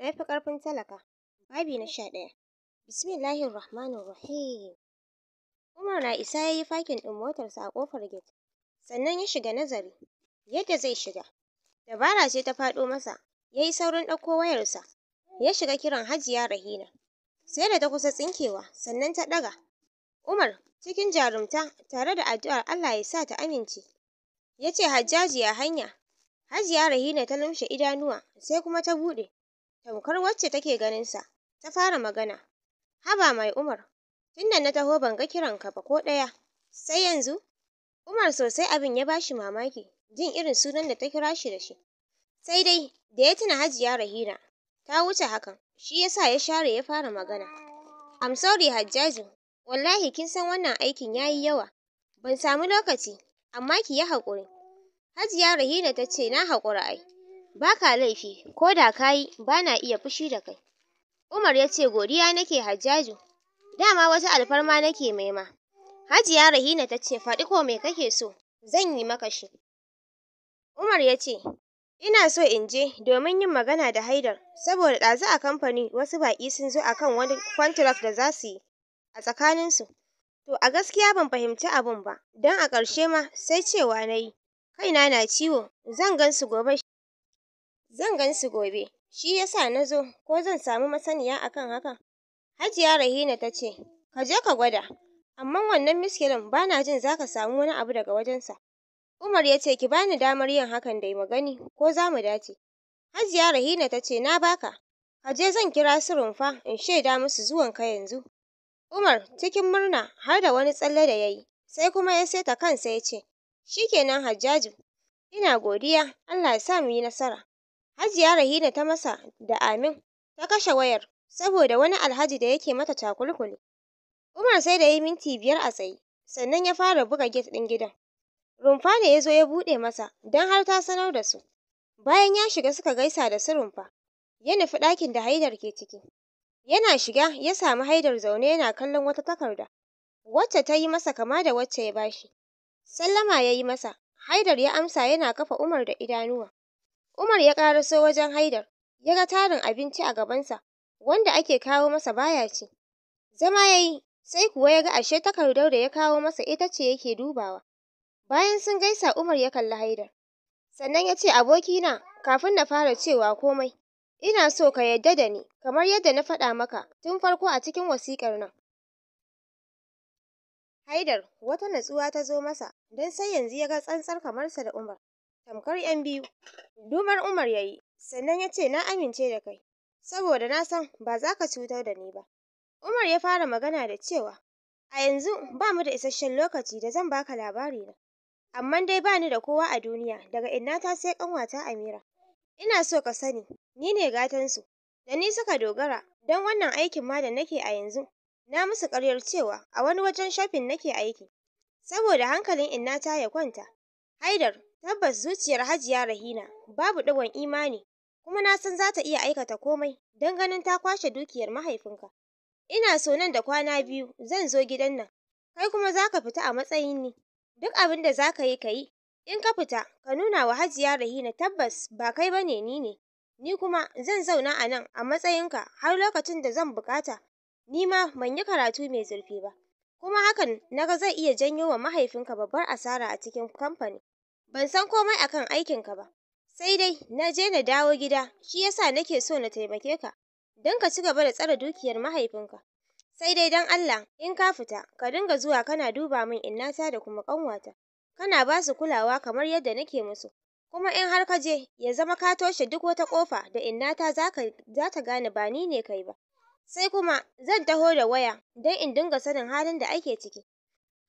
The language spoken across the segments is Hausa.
Laifi ƙarfin talaka babi na sha ɗaya bismillahir rahmanir rahim umar na isa ya yi fakin ɗin motarsa a ƙofar gate sannan ya shiga nazari yadda zai shiga dabara ce ta faɗo masa ya yi saurin ɗauko wayarsa ya shiga kiran hajiya rahina sai da ta kusa tsinkewa sannan ta ɗaga umar cikin jarumta tare da addu'ar allah ya sa ta amince ya ce hajjaji ya hanya hajiya rahina ta lumshe idanuwa sai kuma ta buɗe tamkar wacce take ganin sa ta fara magana haba mai umar tunda na taho ban ga kiran ka ba ko ɗaya sai yanzu umar sosai abin ya bashi mamaki jin irin sunan da ta kira shi da shi sai dai da ya tuna hajiya rahina ta wuce hakan shi yasa ya share ya fara magana I'm sorry hajjaji wallahi kin san wannan aikin yayi yawa ban samu lokaci amma ki yi haƙuri Hajiya Rahina ta ce na haƙura ai Ba ka laifi, ko da kayi yi, ba na iya fushi da kai. Umar ya ce godiya nake Hajjaju. Dama wata alfarma nake maima. Hajiya Rahina ta ce faɗi ko me kake so, zan yi maka shi. Umar ya ce, ina so in je domin yin magana da Haidar, saboda ɗazu a kamfani wasu baƙi sun zo akan wani contract da za su yi a tsakaninsu. To a gaskiya ban fahimci abun ba, don a ƙarshe ma sai cewa na yi, kaina na ciwo, zan gan su gobe. Zan gan su gobe, shi ya sa na zo, ko zan samu masaniya a kan hakan. Hajiya Rahina ta ce, Ka je ka gwada, amma wannan miskilin ba na jin za ka samu wani abu daga wajensa. Umar ya ce, Ki bani damar yin hakan da mu gani, ko za mu dace. Hajiya Rahina ta ce, Na baka, ka je zan kira su rumfa in shaida musu zuwan zuwanka yanzu. Umar cikin murna har da wani tsalle da ya yi, sai kuma ya saita kansa ya ce, Shikenan Hajjaju, ina godiya, Allah ya sa mu yi nasara. Hajiya Rahina ta masa da amin ta kashe wayar saboda wani alhaji da yake mata takulkuli. Umar sai da ya yi minti biyar a tsaye sannan ya fara buga get ɗin gidan. Rumfa ne ya zo ya buɗe masa don har ta sanar da su. Bayan ya shiga suka gaisa da su rumfa, ya nufi ɗakin da Haidar ke ciki. Yana shiga ya samu Haidar zaune yana kallon wata takarda wacce ta yi masa kama da wacce ya bashi. Sallama ya yi masa, Haidar ya amsa yana kafa Umar da idanuwa. Umar ya ƙaraso wajen Haidar, ya ga tarin abinci a gabansa wanda ake kawo masa baya ce. Zama ya yi, sai kuwa ya ga ashe takardar da ya kawo masa ita ce yake dubawa. Bayan sun gaisa Umar ya kalli Haidar. Sannan ya ce abokina kafin na fara cewa komai, ina so ka yarda da ni kamar yadda na faɗa maka tun farko a cikin wasiƙar nan. Haidar wata natsuwa ta zo masa don sai yanzu ya ga tsantsar kamarsa da Umar. tamkar 'yan biyu. Dumar Umar yayi sannan ya ce na amince da kai, saboda na san ba za ka cutar da ni ba. Umar ya fara magana da cewa, a yanzu ba mu da isasshen lokaci da zan baka labari na. Amma dai ba ni da kowa a duniya, daga ta sai ƙanwata Amira. Ina so ka sani, ni ne gatan su. da ni suka dogara, don wannan aikin ma da nake a yanzu. Na musu karyar cewa a wani wajen shafin nake aiki, saboda hankalin ta ya kwanta. Haidar, Tabbas zuciyar Hajiya Rahina babu ɗigon imani kuma na san za ta iya aikata komai don ganin ta kwashe dukiyar mahaifinka. Ina so nan da kwana biyu zan zo gidan nan, kai kuma za ka fita a matsayin ni. Duk abin da za ka yi ka yi, in ka fita ka nuna wa Hajiya Rahina tabbas ba kai ba ne ni ne. Ni kuma zan zauna a nan a matsayinka har lokacin da zan bukata. Ni ma ban yi karatu mai zurfi ba, kuma hakan na ga zai iya janyo wa mahaifinka babbar asara a cikin kamfani. Ban san komai akan aikinka ba. Sai dai na je na dawo gida, shi yasa nake so na taimake ka. Don ka ci gaba da tsare dukiyar mahaifinka. Sai dai don Allah, in ka fita, ka dinga zuwa kana duba min innata da kuma ƙanwata. Kana ba su kulawa kamar yadda nake musu. Kuma in har ka je, ya zama ka toshe duk wata kofa da innata za ta gane ba ni ne kai ba. Sai kuma zan taho da waya don in dinga sanin halin da ake ciki.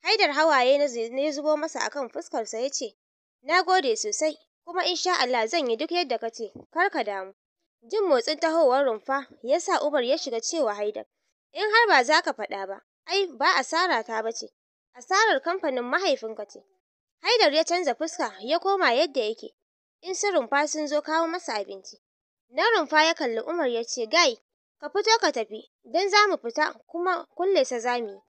Haidar hawaye na zubo masa akan fuskarsa ya ce, Na gode sosai, kuma in sha Allah zan yi duk yadda ka ce, kar ka damu. Jin motsin tahowar rumfa ya sa Umar ya shiga cewa Haidar, in har ba za ka faɗa ba, ai ba asara ta ba ce, asarar kamfanin mahaifinka ce. Haidar ya canza fuska ya koma yadda yake, in su rumfa sun zo kawo masa abinci. Na rumfa ya kalli Umar ya ce, Gai, ka fito ka tafi, don za mu fita kuma kulle sa za mu yi.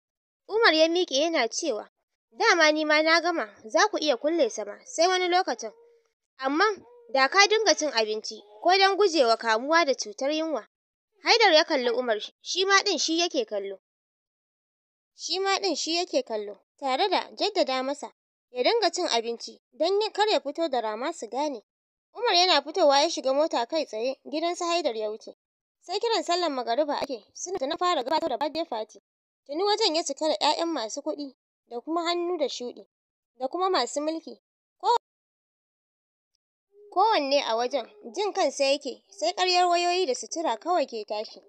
Umar ya miƙe yana cewa, Dama ni ma na gama, za ku iya kulle sama sai wani lokacin. Amma da ka dinga cin abinci ko don gujewa kamuwa da cutar yunwa. Haidar ya kalli Umar, shi ma ɗin shi yake kallo. Shi ma ɗin shi yake kallo, tare da jaddada masa ya dinga cin abinci don kar ya fito da rama su gane. Umar yana fitowa ya shiga mota kai tsaye gidan gidansa Haidar ya wuce. Sai kiran sallan magariba ake, suna na fara gabatar da birthday fati. Tuni wajen ya cika da 'ya'yan masu kuɗi da kuma hannu da shuɗi da kuma masu mulki kowanne a wajen jin kansa yake sai karyar wayoyi da sutura kawai ke tashi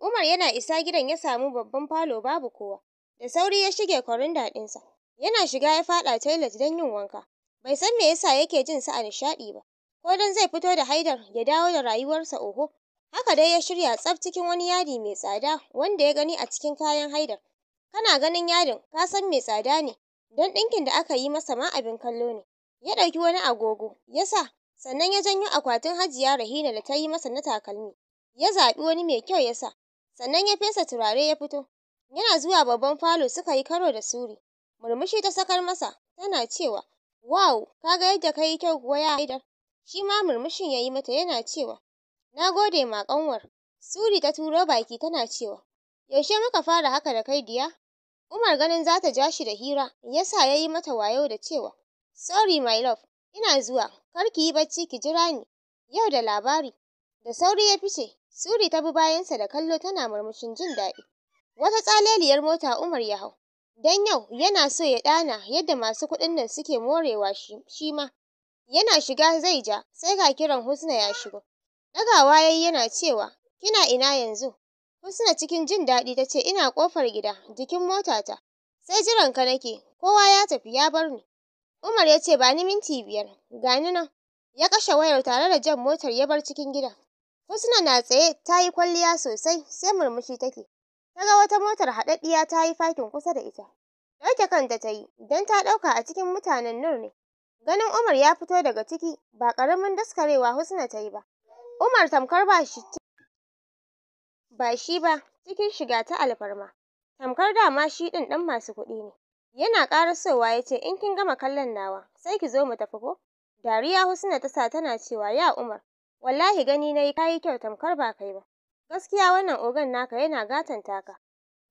Umar yana isa gidan ya samu babban falo babu kowa da sauri ya shige kwarinda ɗinsa yana shiga ya faɗa tailet don yin wanka bai san me yasa yake jin sa a nishaɗi ba ko don zai fito da haidar ya dawo da rayuwarsa oho haka dai ya shirya tsaf cikin wani yadi mai tsada wanda ya gani a cikin kayan haidar kana ganin yadin ka san mai tsada ne don ɗinkin da aka yi masa ma abin kallo ne ya ɗauki wani agogo ya sa sannan ya janyo akwatin hajiya rahina da ta yi masa na takalmi ya zaɓi wani mai kyau ya sa sannan ya fesa turare ya fito yana zuwa babban falo suka yi karo da suri murmushi ta sakar masa tana cewa wow ga yadda ka yi kyau kuwa ya haidar shi ma murmushin ya yi mata yana cewa na gode ma ƙanwar suri ta turo baki tana cewa yaushe muka fara haka da kai diya Umar ganin za ta ja shi da hira ya sa ya yi mata wayo da cewa Sorry my love, ina zuwa, kar ki yi bacci ki jira ni. Yau da labari. Da sauri ya fice, Suri ta bi bayansa da kallo tana murmushin jin daɗi. Wata tsaleliyar mota Umar ya hau. Dan yau yana so ya ɗana yadda masu kuɗin nan suke morewa shi ma. Yana shiga zai ja, sai ga kiran Husna ya shigo. Ɗagawa ya yi yana cewa, kina ina yanzu? Husna cikin jin daɗi ta ce ina ƙofar gida jikin motata. Sai jiranka nake kowa ya tafi ya bar ni. Umar ya ce ba ni minti biyar gani nan. Ya kashe wayar tare da jan motar ya bar cikin gida. Husna na tsaye ta yi kwalliya sosai sai murmushi take. Ta ga wata motar haɗaɗɗiya ta yi fakin kusa da ita. Ɗauke kanta ta yi don ta ɗauka a cikin mutanen Nur ne. Ganin Umar ya fito daga ciki ba ƙaramin daskarewa Husna ta yi ba. Umar tamkar ba shi ba shi ba cikin shiga ta alfarma tamkar dama shi ɗin ɗan masu kuɗi ne yana karasowa ya ce in kin gama kallon nawa sai ki zo mu tafi ko dariya husna ta sa tana cewa ya umar wallahi gani nayi kayi kyau tamkar ba kai ba gaskiya wannan ogan naka yana gatan taka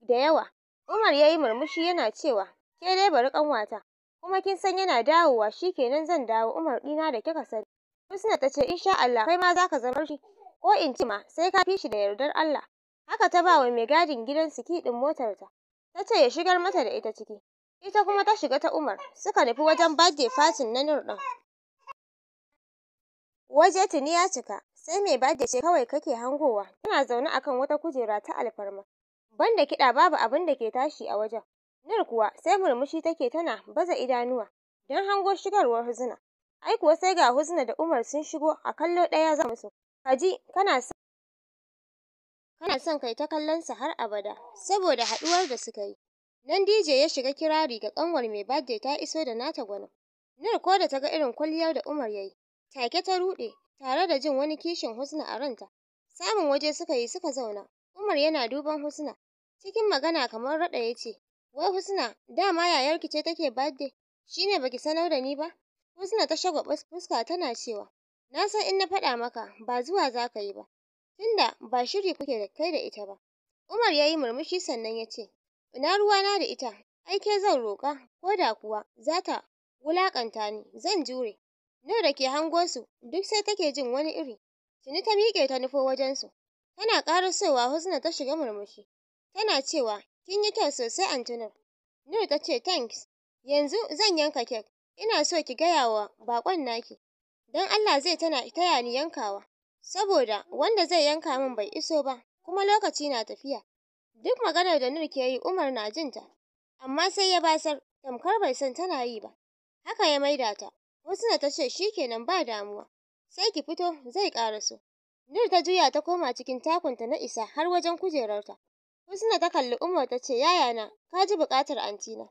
da yawa umar yayi murmushi yana cewa ke dai bari kanwata kuma kin san yana dawowa shikenan zan dawo umar dina da kika sani husna ta ce insha Allah kai ma zaka zama shi ko in ce ma sai ka fi shi da yardar Allah haka ta bawa mai gadin gidan siki ɗin motarta ta ce ya shigar mata da ita ciki ita kuma ta shiga ta Umar suka nufi wajen baje fatin na Nur ɗin waje tuni ya cika sai mai baje ce kawai kake hangowa tana zaune akan wata kujera ta alfarma banda kiɗa babu abin da ke tashi a wajen Nur kuwa sai murmushi take tana baza idanuwa don hango shigarwar huzuna. ai kuwa sai ga Huzna da Umar sun shigo a kallo ɗaya za musu kaji kana kana son kai ta kallon sa har abada saboda haduwar da suka yi nan DJ ya shiga kirari ga kanwar mai birthday ta iso da nata gwanin Nur ko da ta ga irin kwalliyar da Umar yayi take ta rude tare da jin wani kishin Husna a ranta samun waje suka yi suka zauna Umar yana duban Husna cikin magana kamar rada yace wai Husna dama yayarki ce take birthday shine baki sanar da ni ba Husna ta shagwa fuska tana cewa na san in na faɗa maka ba zuwa za ka yi ba tunda ba shiri kuke da kai da ita ba Umar ya yi murmushi sannan ya ce ina na da ita ai ke zan roƙa ko da kuwa zata ta wulaƙanta ni zan jure Nur da ke hango su duk sai take jin wani iri tuni ta miƙe ta nufo wajensu tana ƙarasowa Husna ta shiga murmushi tana cewa kin yi kyau sosai antinur Nur Nur ta ce thanks yanzu zan yanka kek ina so ki gaya wa baƙon naki don Allah zai tana taya ni yankawa saboda wanda zai yanka min bai iso ba kuma lokaci na tafiya duk maganar da Nur ke yi Umar na jin ta amma sai ya basar tamkar bai san tana yi ba haka ya maida ta Husna ta ce kenan ba damuwa sai ki fito zai karaso Nur ta juya ta koma cikin takunta na isa har wajen kujerarta Husna ta kalli Umar ta ce yaya na ka ji bukatar antina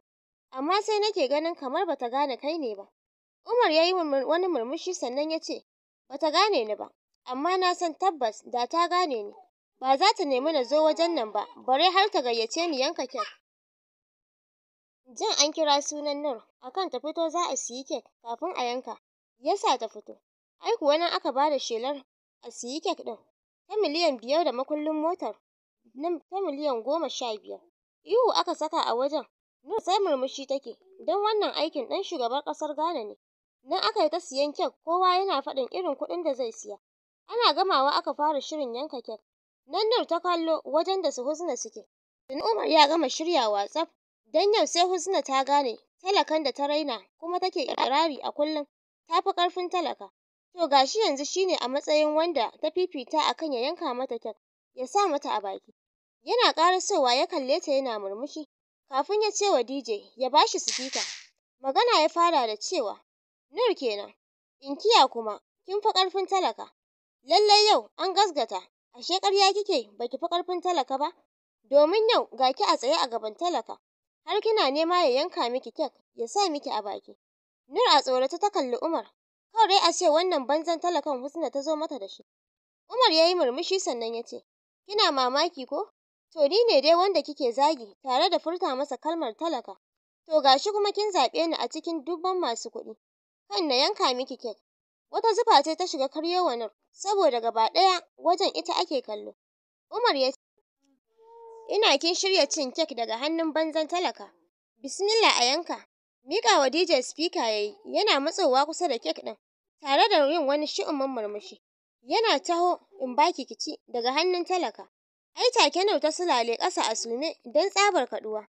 amma sai nake ganin kamar bata gane kai ne ba Umar ya yi wani murmushi sannan ya ce bata gane ni ba amma na san tabbas da ta gane ni ba za ta nemi na zo wajen nan ba bare har ta gayyace ni yanka kek jin an kira sunan nur akan ta fito za a siyi kek kafin a yanka yasa ta fito ai kuwa nan aka bada shelar a siyi kek din ta miliyan biyar da makullin motar ta miliyan goma sha biyar ihu aka saka a wajen nur sai murmushi take don wannan aikin ɗan shugaban ƙasar Ghana ne nan aka yi ta siyan kek kowa yana faɗin irin kuɗin da zai siya Ana gamawa aka fara shirin yanka kek. Nan Nur ta kallo wajen da su Husna suke. tun Umar ya gama shiryawa tsaf. Dan yau sai Husna ta gane talakan da ta raina kuma take kirari a kullum ta fi ƙarfin talaka. To gashi yanzu shine a matsayin wanda ta fifita akan ya yanka mata kek ya sa mata a baki. Yana ƙarasowa ya kalle ta yana murmushi kafin ya ce wa DJ ya bashi sifika. Magana ya fara da cewa Nur kenan inkiya kuma kin fi ƙarfin talaka lallai yau an gasgata ashe ƙarya kike baki fi ƙarfin talaka ba domin yau ga ki a tsaye a gaban talaka har kina nema ya yanka miki kek ya sa miki a baki Nur a tsorata ta kalli Umar kawai dai a ce wannan banzan talakan Husna ta zo mata da shi Umar ya yi murmushi sannan ya ce kina mamaki ko to ni ne dai wanda kike zagi tare da furta masa kalmar talaka to gashi kuma kin zaɓe ni a cikin dubban masu kuɗi kan na yanka miki kek wata zufa ce ta shiga karyowa saboda gaba ɗaya wajen ita ake kallo Umar ya ce ina kin shirya cin kek daga hannun banzan talaka bismillah a yanka miƙa wa DJ speaker yayi yana matsowa kusa da kek ɗin tare da yin wani shi'umin murmushi yana taho in baki kici daga hannun talaka ai take nau ta sulale ƙasa a sume don tsabar kaɗuwa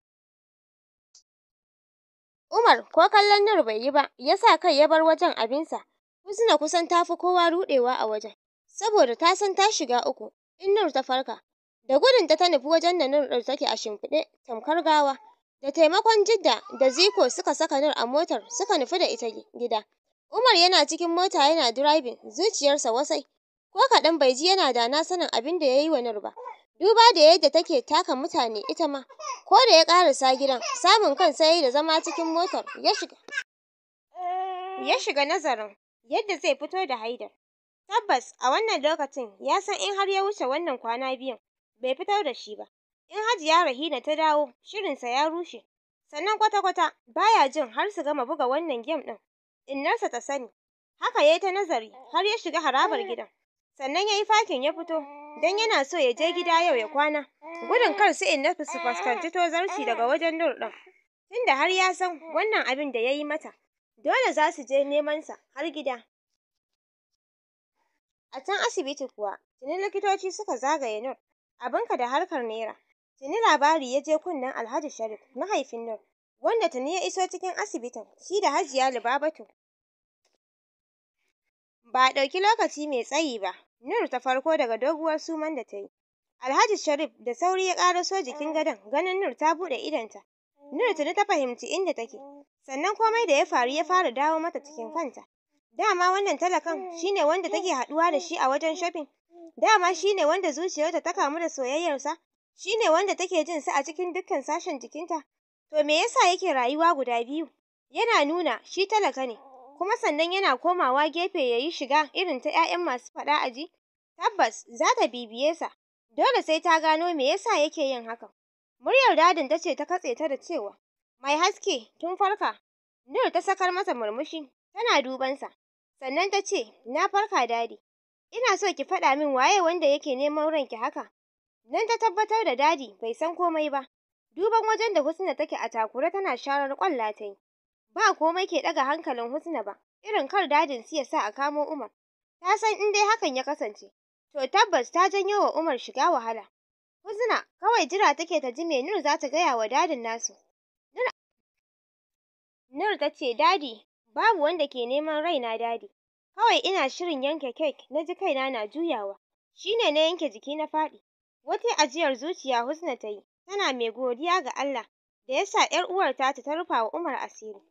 Umar ko kallon Nur bai yi ba, ya sa kai ya bar wajen abinsa, Husna kusan ta fi kowa ruɗewa a wajen, saboda ta san ta shiga uku in Nur ta farka. Da gudun ta nufi wajen da Nur ɗin take a shimfiɗe tamkar gawa. Da taimakon Jidda da Ziko suka saka Nur a motar suka nufi da ita gida. Umar yana cikin mota yana driving zuciyarsa wasai. Ko kaɗan bai ji yana da na sanin abin da ya yi wa Nur ba. Duba da yadda take taka mutane ita ma. Ko da ya ƙarasa gidan samun kansa ya yi da zama cikin motar Ya shiga nazarin yadda zai fito da haidar tabbas a wannan lokacin ya san in har ya wuce wannan kwana biyun bai fitar da shi ba in hajiya rahina ta dawo shirinsa ya rushe sannan kwata-kwata baya jin har su gama buga wannan gem ɗin innarsa ta sani haka ya yi ta nazari har ya shiga harabar gidan sannan ya yi fakin ya fito don yana so ya je gida yau ya kwana gudun kar su innarsa su fuskanci tozarci daga wajen nur ɗin tunda har ya san wannan abin da ya yi mata Dole za su je neman sa har gida. A can asibiti kuwa, tuni likitoci suka zagaye Nur, abinka da harkar Naira. Tuni labari ya je kunnen Alhaji Sharif, mahaifin Nur, wanda tuni ya iso cikin asibitin, shi da Hajiya Lubabatu. Ba a ɗauki lokaci mai tsayi ba, Nur ta farko daga doguwar suman da ta yi. Alhaji Sharif da sauri ya ƙaraso jikin gadon ganin Nur ta buɗe idonta. Nur tuni ta fahimci inda take, sannan komai da ya faru ya fara dawo mata cikin kanta. Dama wannan talakan shine wanda take haɗuwa da shi a wajen shopping. Dama shine wanda zuciyarta ta kamu da soyayyarsa. Shine wanda take jin sa a cikin dukkan sashen jikinta. To me yasa yake rayuwa guda biyu? Yana nuna shi talaka ne, kuma sannan yana komawa gefe yayi shiga irin ta 'ya'yan masu faɗa aji. Tabbas za ta bibiye sa. Dole sai ta gano me yasa yake yin hakan. Muryar dadin ta ce ta katse ta da cewa, Mai haske, tun farka. Nur ta sakar masa murmushi, tana duban sa Sannan ta ce, Na farka dadi. Ina so ki faɗa min waye wanda yake neman ranki haka. Nan ta tabbatar da dadi bai san komai ba. Duban wajen da Husna take a takure tana sharar kwalla ta yi. Ba komai ke ɗaga hankalin Husna ba, irin kar dadin su ya sa a kamo Umar. Ta san in dai hakan ya kasance, to tabbas ta janyo wa Umar shiga wahala. Huzna kawai jira take ta ji me Nur za ta gaya wa dadin nasu. Nur ta ce dadi babu wanda ke neman raina dadi. Kawai ina shirin yanke kek na ji kaina na juyawa. shi ne na yanke jiki na faɗi. Wata ajiyar zuciya Husna ta yi tana mai godiya ga Allah da ya sa ‘yar uwarta ta ta rufa wa Umar asiri.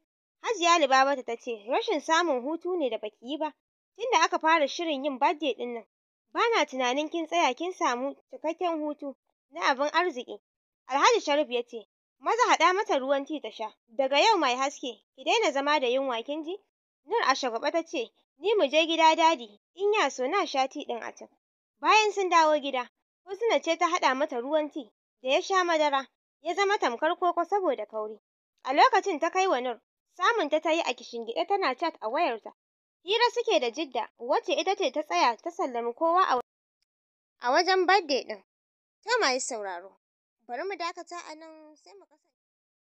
Hajiya Libabatu ta ce rashin samun hutu ne da baki yi ba tunda aka fara shirin yin birthday ɗin nan. ba na tunanin kin tsaya kin samu cikakken hutu na abin arziki alhaji sharif ya ce maza haɗa mata ruwan ti ta sha daga yau mai haske ki daina zama da yunwa kin ji nur a shagwaɓa ta ce ni mu je gida dadi in ya so na sha ti ɗin a can bayan sun dawo gida husna ce ta haɗa mata ruwan ti da ya sha madara ya zama tamkar koko saboda kauri a lokacin ta kai wa nur samun ta ta yi a kishingiɗe tana chat a wayarta hira suke da Jidda wacce ita ce ta tsaya ta sallami kowa a a wajen birthday ɗin. To masu sauraro, bari mu dakata a nan sai mu kasa